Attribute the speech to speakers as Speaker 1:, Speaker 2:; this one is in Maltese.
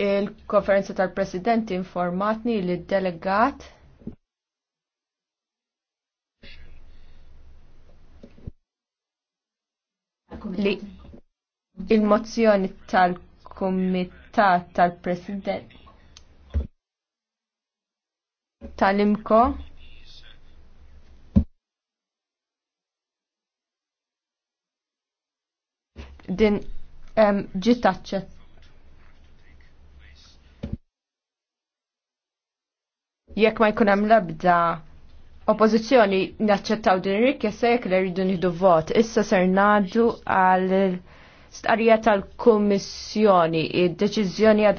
Speaker 1: Il-konferenza tal-presidenti informatni li delegat
Speaker 2: li il-mozzjoni tal-kumitat
Speaker 3: tal-president
Speaker 4: tal-imko din ġiet um, jekk ma jkun
Speaker 5: hemm l-ebda oppożizzjoni naċċettaw din ir-rikjesta jekk li rridu nieħdu vot. Issa ser ngħaddu għal starija tal-Kummissjoni
Speaker 6: id-deċiżjoni